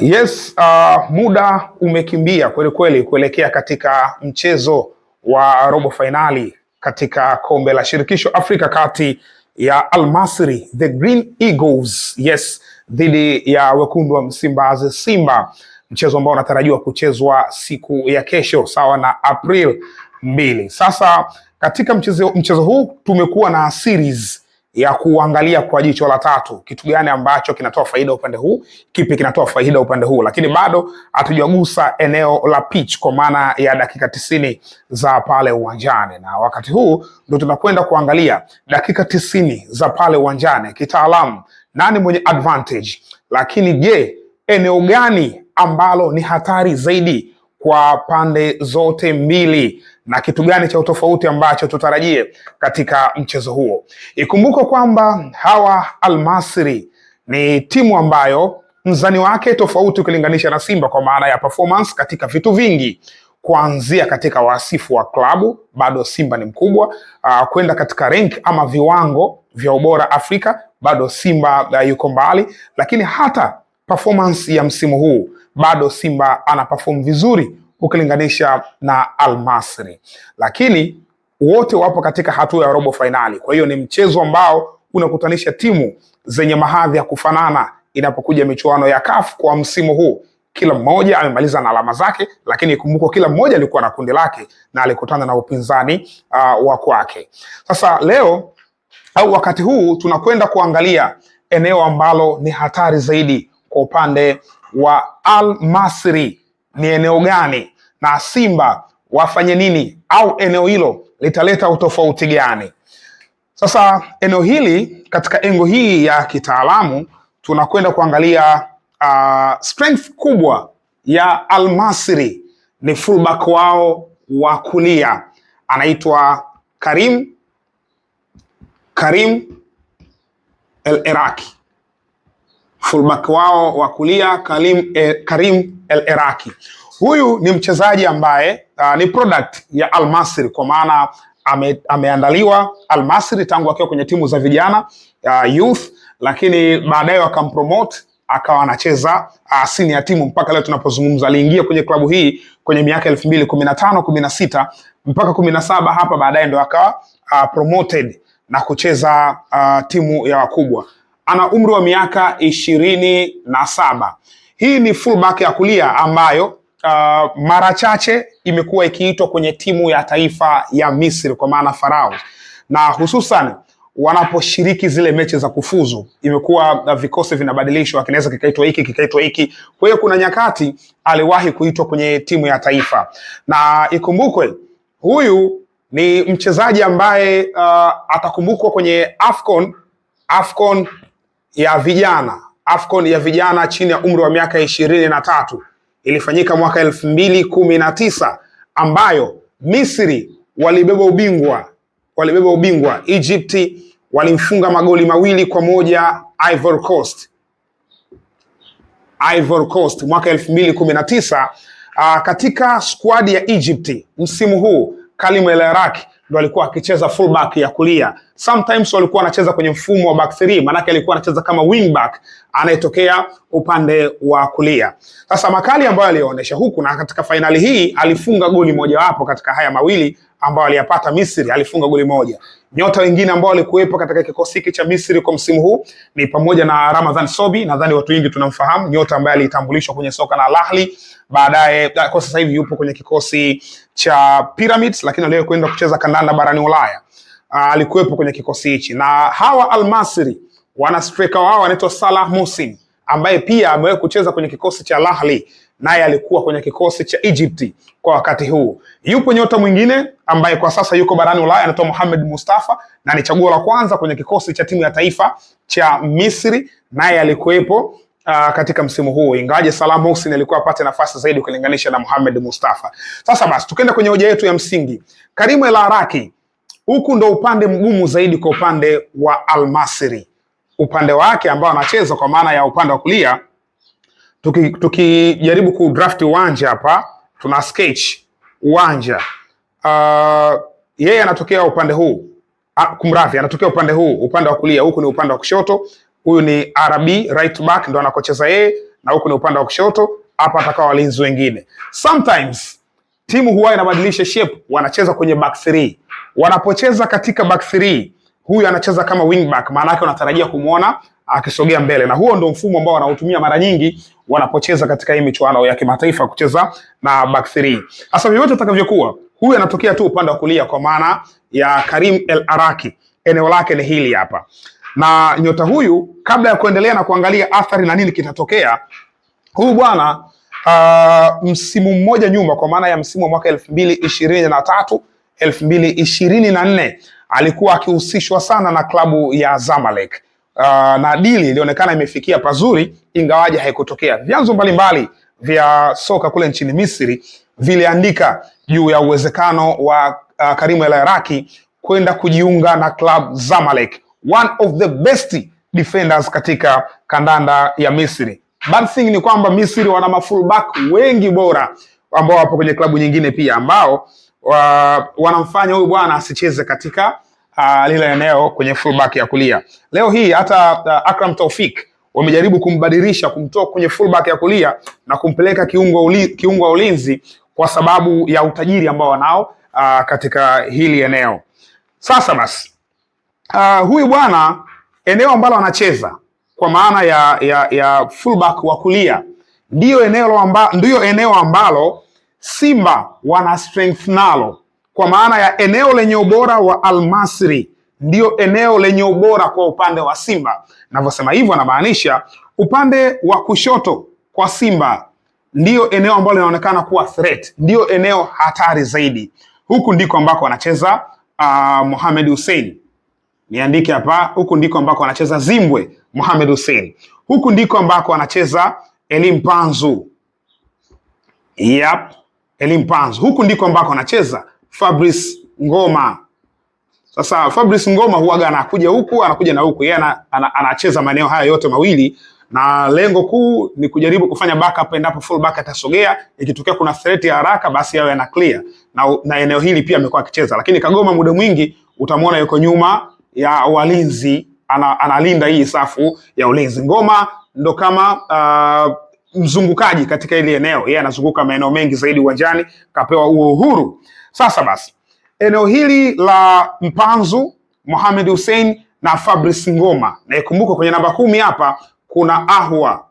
Yes, uh, muda umekimbia kweli kweli kuelekea katika mchezo wa robo fainali katika kombe la shirikisho Afrika kati ya Al Masry the Green Eagles, yes, dhidi ya wekundu wa Msimbazi Simba, mchezo ambao unatarajiwa kuchezwa siku ya kesho sawa na April mbili. Sasa katika mchezo, mchezo huu tumekuwa na series ya kuangalia kwa jicho la tatu, kitu gani ambacho kinatoa faida upande huu, kipi kinatoa faida upande huu, lakini mm. bado hatujagusa eneo la pitch kwa maana ya dakika tisini za pale uwanjani, na wakati huu ndo tunakwenda kuangalia dakika tisini za pale uwanjani kitaalamu, nani mwenye advantage, lakini je, eneo gani ambalo ni hatari zaidi kwa pande zote mbili na kitu gani cha utofauti ambacho tutarajie katika mchezo huo. Ikumbukwe kwamba hawa Almasri ni timu ambayo mzani wake tofauti ukilinganisha na Simba kwa maana ya performance katika vitu vingi kuanzia katika wasifu wa klabu, bado Simba ni mkubwa uh, kwenda katika rank ama viwango vya ubora Afrika, bado Simba uh, yuko mbali, lakini hata performance ya msimu huu bado Simba ana perform vizuri ukilinganisha na almasri lakini wote wapo katika hatua ya robo fainali. Kwa hiyo ni mchezo ambao unakutanisha timu zenye mahadhi ya kufanana inapokuja michuano ya CAF kwa msimu huu. Kila mmoja amemaliza na alama zake, lakini ikumbukwa kila mmoja alikuwa na kundi lake na alikutana na upinzani uh, wa kwake. Sasa leo au wakati huu tunakwenda kuangalia eneo ambalo ni hatari zaidi kwa upande wa Al Masry ni eneo gani na Simba wafanye nini au eneo hilo litaleta utofauti gani? Sasa eneo hili katika engo hii ya kitaalamu tunakwenda kuangalia uh, strength kubwa ya Almasri ni fullback wao wa kulia anaitwa Karim Karim El Eraki fullback wao wa kulia Karim, eh, Karim El Eraki. Huyu ni mchezaji ambaye uh, ni product ya Al Masry kwa maana ame, ameandaliwa Al Masry tangu akiwa kwenye timu za vijana uh, youth, lakini baadaye wakampromote akawa anacheza uh, senior timu mpaka leo tunapozungumza. Aliingia kwenye klabu hii kwenye miaka elfu mbili kumi na tano kumi na sita mpaka kumi na saba hapa baadaye ndo akawa uh, promoted na kucheza uh, timu ya wakubwa ana umri wa miaka ishirini na saba. Hii ni fullback ya kulia ambayo Uh, mara chache imekuwa ikiitwa kwenye timu ya taifa ya Misri kwa maana Farao, na hususan wanaposhiriki zile mechi za kufuzu, imekuwa uh, vikosi vinabadilishwa, kinaweza kikaitwa hiki kikaitwa hiki. Kwa hiyo kuna nyakati aliwahi kuitwa kwenye timu ya taifa, na ikumbukwe huyu ni mchezaji ambaye uh, atakumbukwa kwenye Afcon Afcon ya vijana AFCON ya vijana chini ya umri wa miaka ishirini na tatu ilifanyika mwaka elfu mbili kumi na tisa ambayo Misri walibeba ubingwa, walibeba ubingwa. Egypt walimfunga magoli mawili kwa moja Ivory Coast, Ivory Coast mwaka elfu mbili kumi na tisa. Ah, katika squad ya Egypt msimu huu Kalim El Arak ndo alikuwa akicheza fullback ya kulia. Sometimes walikuwa anacheza kwenye mfumo wa back three, maanake alikuwa anacheza kama back anayetokea upande wa kulia. Sasa makali ambayo alionyesha huku na katika fainali hii alifunga goli mojawapo katika haya mawili ambao aliyapata Misri, alifunga goli moja. Nyota wengine ambao walikuwepo katika kikosi hiki cha Misri kwa msimu huu ni pamoja na Ramadhan Sobi, nadhani watu wengi tunamfahamu, nyota ambaye alitambulishwa kwenye soka na Al Ahly, baadaye kwa sasa hivi yupo kwenye kikosi cha Pyramids, lakini leo kwenda kucheza kandanda barani Ulaya. Ah, alikuwepo kwenye kikosi hichi na hawa Al Masri wana striker wao anaitwa Salah Mohsin ambaye pia amewahi kucheza kwenye kikosi cha Al Ahly naye alikuwa kwenye kikosi cha Egypt kwa wakati huu. Yupo nyota mwingine ambaye kwa sasa yuko barani Ulaya anaitwa Mohamed Mustafa na ni chaguo la kwanza kwenye kikosi cha timu ya taifa cha Misri, naye alikuwepo Uh, katika msimu huu ingawaje Salah Mohsin alikuwa apate nafasi zaidi ukilinganisha na Mohamed Mustafa. Sasa basi tukienda kwenye hoja yetu ya msingi, Karimu El Araki, huku ndo upande mgumu zaidi kwa upande wa Al Masry, upande wake ambao anacheza kwa maana ya upande wa kulia tukijaribu tuki kudraft uwanja hapa, tuna sketch uwanja uh, yeye anatokea upande huu ah, kumradhi, anatokea upande huu, upande wa kulia. Huku ni upande wa kushoto, huyu ni RB right back, ndo anakocheza yeye, na huku ni upande wa kushoto. Hapa atakawa walinzi wengine. Sometimes timu huwa inabadilisha shape, wanacheza kwenye back three. Wanapocheza katika back three, huyu anacheza kama wing back, maana yake unatarajia kumwona akisogea mbele, na huo ndo mfumo ambao wanautumia mara nyingi wanapocheza katika hii michuano ya kimataifa kucheza na back 3. Sasa vyovyote atakavyokuwa, huyu anatokea tu upande wa kulia kwa maana ya Karim El Araki, eneo lake ni hili hapa, na nyota huyu, kabla ya kuendelea na kuangalia athari na nini kitatokea, huyu bwana uh, msimu mmoja nyuma, kwa maana ya msimu wa mwaka elfu mbili ishirini na tatu elfu mbili ishirini na nne alikuwa akihusishwa sana na klabu ya Zamalek uh, na dili ilionekana imefikia pazuri, ingawaje haikutokea. Vyanzo mbalimbali vya soka kule nchini Misri viliandika juu ya uwezekano wa uh, ah, Karimu El Araki kwenda kujiunga na club Zamalek, one of the best defenders katika kandanda ya Misri. Bad thing ni kwamba Misri wana mafullback wengi bora ambao wapo kwenye klabu nyingine pia ambao wa, ah, wanamfanya huyu bwana asicheze katika uh, lile eneo kwenye fullback ya kulia. Leo hii hata uh, Akram Taufik wamejaribu kumbadilisha kumtoa kwenye fullback ya kulia na kumpeleka kiungo uli, kiungo wa ulinzi kwa sababu ya utajiri ambao wanao uh, katika hili eneo. Sasa basi uh, huyu bwana eneo ambalo anacheza kwa maana ya, ya, ya fullback wa kulia ndiyo eneo, amba, ndiyo eneo ambalo Simba wana strength nalo kwa maana ya eneo lenye ubora wa Almasri ndiyo eneo lenye ubora kwa upande wa Simba. Navyosema hivyo, anamaanisha upande wa kushoto kwa Simba ndio eneo ambalo linaonekana kuwa threat, ndiyo eneo hatari zaidi. Huku ndiko ambako anacheza uh, Mohamed Hussein. Niandike hapa, huku ndiko ambako anacheza Zimbwe Mohamed Hussein. Huku ndiko ambako anacheza Elimpanzu. Yep, Elimpanzu. Huku ndiko ambako anacheza Fabrice Ngoma. Sasa Fabrice Ngoma huaga anakuja huku anakuja na huku, yeye anacheza maeneo haya yote mawili, na lengo kuu ni kujaribu kufanya backup. Endapo full back atasogea, ikitokea kuna threat ya haraka, basi yawe ana clear na, na eneo hili pia amekuwa akicheza, lakini Kagoma muda mwingi utamwona yuko nyuma ya walinzi, ana, analinda hii safu ya ulinzi. Ngoma ndo kama uh, mzungukaji katika ile eneo, yeye anazunguka maeneo mengi zaidi uwanjani, kapewa huo uhuru. Sasa basi, eneo hili la Mpanzu Mohamed Hussein na Fabrice Ngoma, naikumbuka kwenye namba kumi hapa kuna Ahwa,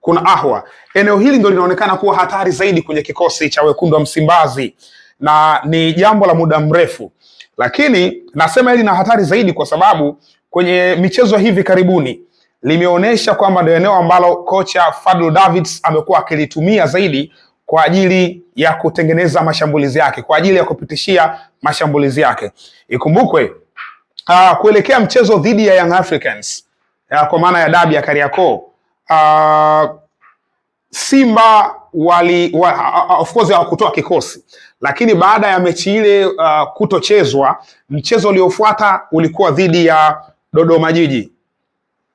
kuna Ahwa. Eneo hili ndo linaonekana kuwa hatari zaidi kwenye kikosi cha wekundu wa Msimbazi na ni jambo la muda mrefu, lakini nasema hili na hatari zaidi kwa sababu kwenye michezo hivi karibuni limeonyesha kwamba ndio eneo ambalo kocha Fadlu Davids amekuwa akilitumia zaidi kwa ajili ya kutengeneza mashambulizi yake, kwa ajili ya kupitishia mashambulizi yake. Ikumbukwe uh, kuelekea mchezo dhidi ya Young Africans uh, kwa maana ya dabi ya Kariakoo uh, Simba wali wa, of course hawakutoa kikosi, lakini baada ya mechi ile uh, kutochezwa, mchezo uliofuata ulikuwa dhidi ya Dodoma Jiji,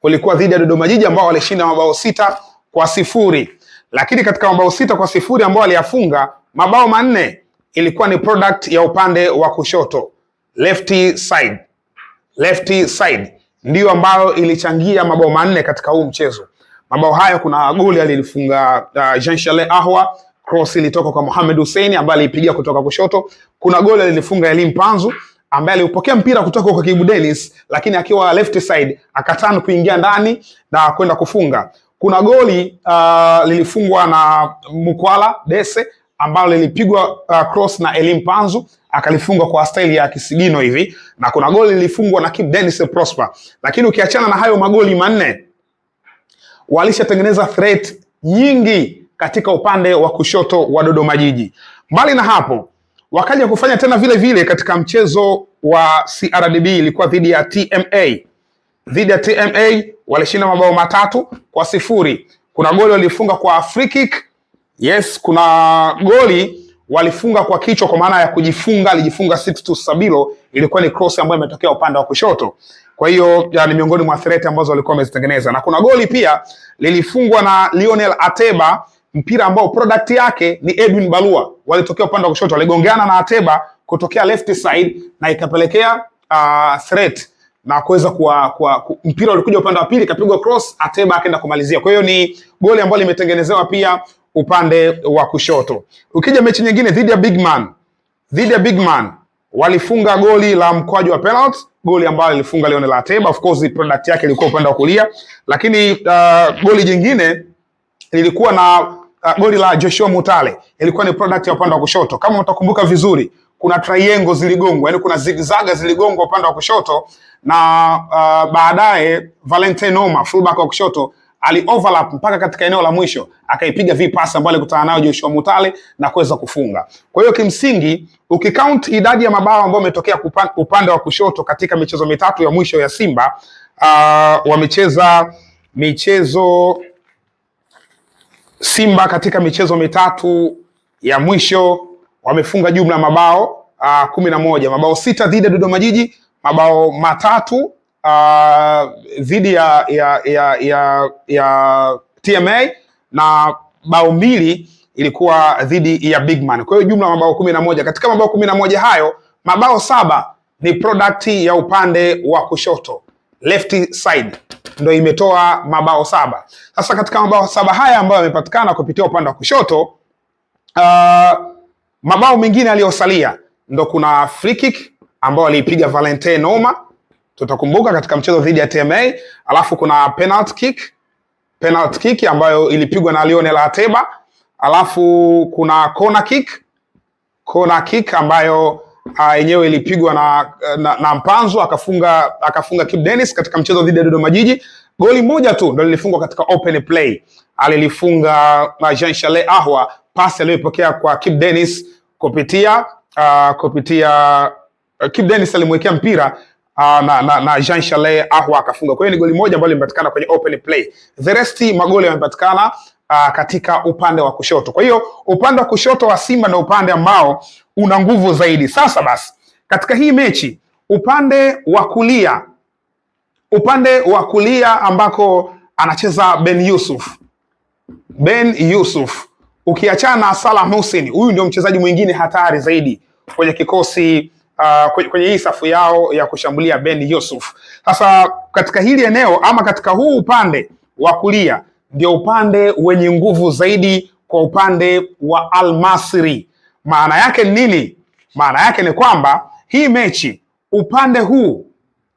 ulikuwa dhidi ya Dodoma Jiji ambao walishinda mabao sita kwa sifuri lakini katika mabao sita kwa sifuri ambao aliyafunga mabao manne ilikuwa ni product ya upande wa kushoto left side, Left side ndiyo ambayo ilichangia mabao manne katika huu mchezo. Mabao hayo kuna goli alilifunga uh, Jean Charles Ahwa, cross ilitoka kwa Mohamed Hussein ambaye aliipiga kutoka kushoto. Kuna goli alilifunga Elim Panzu ambaye aliupokea mpira kutoka kwa Kibu Dennis, lakini akiwa left side akaturn kuingia ndani na kwenda kufunga kuna goli uh, lilifungwa na Mukwala Dese ambalo lilipigwa uh, cross na Elim Panzu akalifunga kwa staili ya kisigino hivi, na kuna goli lilifungwa na Kip Dennis Prosper. Lakini ukiachana na hayo magoli manne, walishatengeneza threat nyingi katika upande wa kushoto wa Dodoma Jiji. Mbali na hapo, wakaja kufanya tena vile vile katika mchezo wa CRDB ilikuwa dhidi ya TMA dhidi ya TMA walishinda mabao matatu kwa sifuri. Kuna goli walifunga kwa free kick. Yes, kuna goli walifunga kwa kichwa kwa maana ya kujifunga, alijifunga Sixtus Sabilo, ilikuwa ni cross ambayo imetokea upande wa kushoto. Kwa hiyo ni miongoni mwa threat ambazo walikuwa wamezitengeneza, na kuna goli pia lilifungwa na Lionel Ateba, mpira ambao product yake ni Edwin Balua, walitokea upande wa kushoto, waligongeana na Ateba kutokea left side na ikapelekea uh, threat na kuweza kwa, kwa mpira ulikuja upande wa pili kapigwa cross, Ateba akaenda kumalizia. Kwa hiyo ni goli ambalo limetengenezewa pia upande wa kushoto. Ukija mechi nyingine dhidi ya Big Man, dhidi ya Big Man walifunga goli la mkwaju wa penalty, goli ambalo lilifunga Leonel Ateba. Of course product yake ilikuwa upande wa kulia, lakini uh, goli jingine lilikuwa na uh, goli la Joshua Mutale ilikuwa ni product ya upande wa kushoto. Kama mtakumbuka vizuri, kuna triangle ziligongwa, yani kuna zigzaga ziligongwa upande wa kushoto na uh, baadaye Valentin Noma fullback wa kushoto ali overlap mpaka katika eneo la mwisho akaipiga vi pass ambayo alikutana nayo Joshua Mutale na kuweza kufunga. Kwa hiyo kimsingi, ukikaunt idadi ya mabao ambayo umetokea upande wa kushoto katika michezo mitatu ya mwisho ya Simba, uh, wamecheza michezo Simba katika michezo mitatu ya mwisho wamefunga jumla mabao uh, kumi na moja, mabao sita dhidi ya Dodoma Jiji, mabao matatu ah, dhidi uh, ya, ya, ya, ya, ya TMA na bao mbili ilikuwa dhidi ya Bigman. Kwa hiyo jumla mabao kumi na moja. Katika mabao kumi na moja hayo mabao saba ni product ya upande wa kushoto left side imetoa mabao saba. Sasa katika mabao saba haya ambayo yamepatikana kupitia upande wa kushoto uh, mamao mengine aliyosalia ndo kuna free kick ambayo aliipiga Valentine Noma, tutakumbuka katika mchezo dhidi ya TMA, alafu kuna penalty kick, penalty kick ambayo ilipigwa na Lionel Ateba, alafu kuna corner kick, corner kick ambayo ah, yenyewe ilipigwa na, na, na Mpanzu akafunga akafunga Kip Dennis katika mchezo dhidi ya Dodoma Jiji. Goli moja tu ndo lilifungwa katika open play, alilifunga Jean Charles Ahwa, pasi aliyopokea kwa Kip Dennis kupitia uh, kupitia uh, Kip Dennis alimwekea mpira uh, na, na, na Jean Charles Ahwa akafunga. Kwa hiyo ni goli moja ambalo limepatikana kwenye open play. The rest magoli yamepatikana uh, katika upande wa kushoto. Kwa hiyo upande wa kushoto wa Simba na upande ambao una nguvu zaidi. Sasa basi, katika hii mechi upande wa kulia upande wa kulia ambako anacheza Ben Yusuf. Ben Yusuf ukiachana Salah Hussein, huyu ndio mchezaji mwingine hatari zaidi kwenye kikosi uh, kwenye hii safu yao ya kushambulia Ben Yusuf. Sasa katika hili eneo ama katika huu upande wa kulia ndio upande wenye nguvu zaidi kwa upande wa Al Masry. Maana yake ni nini? Maana yake ni kwamba hii mechi upande huu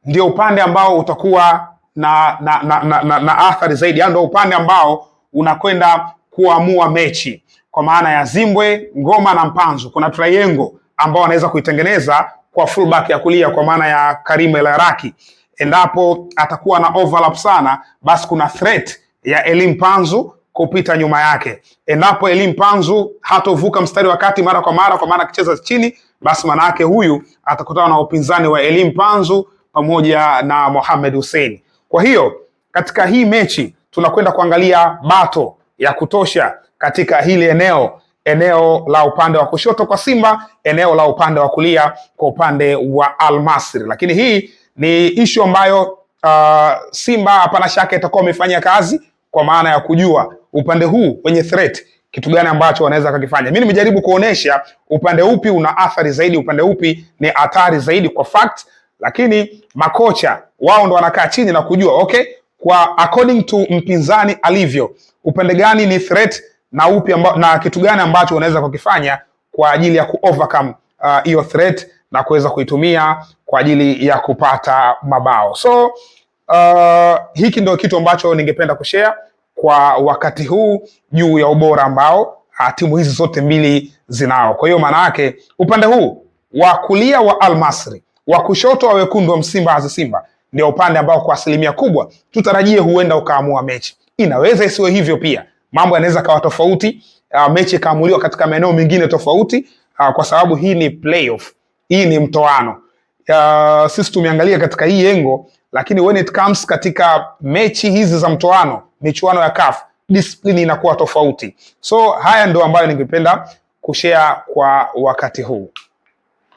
ndio upande ambao utakuwa na na, na, na, na, na athari zaidi, yaani ndio upande ambao unakwenda kuamua mechi kwa maana ya Zimbwe, Ngoma na Mpanzu. Kuna triangle ambao wanaweza kuitengeneza kwa fullback ya kulia kwa maana ya Karim El Araki. Endapo atakuwa na overlap sana, basi kuna threat ya Elim Panzu kupita nyuma yake. Endapo Elim Panzu hatovuka mstari wa kati mara kwa mara, kwa maana akicheza chini, basi maana yake huyu atakutana na upinzani wa Elim Panzu pamoja na Mohamed Hussein. Kwa hiyo katika hii mechi tunakwenda kuangalia bato ya kutosha katika hili eneo, eneo la upande wa kushoto kwa Simba, eneo la upande wa kulia kwa upande wa Al Lakini hii ni ishu ambayo uh, Simba hapana shaka itakuwa imefanya kazi kwa maana ya kujua upande huu wenye threat kitu gani ambacho wanaweza kakifanya. Mimi nimejaribu kuonesha upande upi una athari zaidi, upande upi ni hatari zaidi kwa fact lakini makocha wao ndo wanakaa chini na kujua okay, kwa according to mpinzani alivyo, upande gani ni threat na upi amba, na kitu gani ambacho unaweza kukifanya kwa ajili ya ku overcome uh, hiyo uh, threat na kuweza kuitumia kwa ajili ya kupata mabao. So uh, hiki ndio kitu ambacho ningependa kushare kwa wakati huu juu ya ubora ambao uh, timu hizi zote mbili zinao. Kwa hiyo maana yake upande huu wa kulia wa Almasri wa kushoto wa wekundu wa Msimbazi Simba, Simba ndio upande ambao kwa asilimia kubwa tutarajie huenda ukaamua mechi. Inaweza isiwe hivyo pia, mambo yanaweza kawa tofauti, uh, mechi ikaamuliwa katika maeneo mengine tofauti, uh, kwa sababu hii ni playoff, hii ni mtoano. Uh, sisi tumeangalia katika hii engo, lakini when it comes katika mechi hizi za mtoano, michuano ya CAF discipline inakuwa tofauti. So haya ndio ambayo ningependa kushare kwa wakati huu.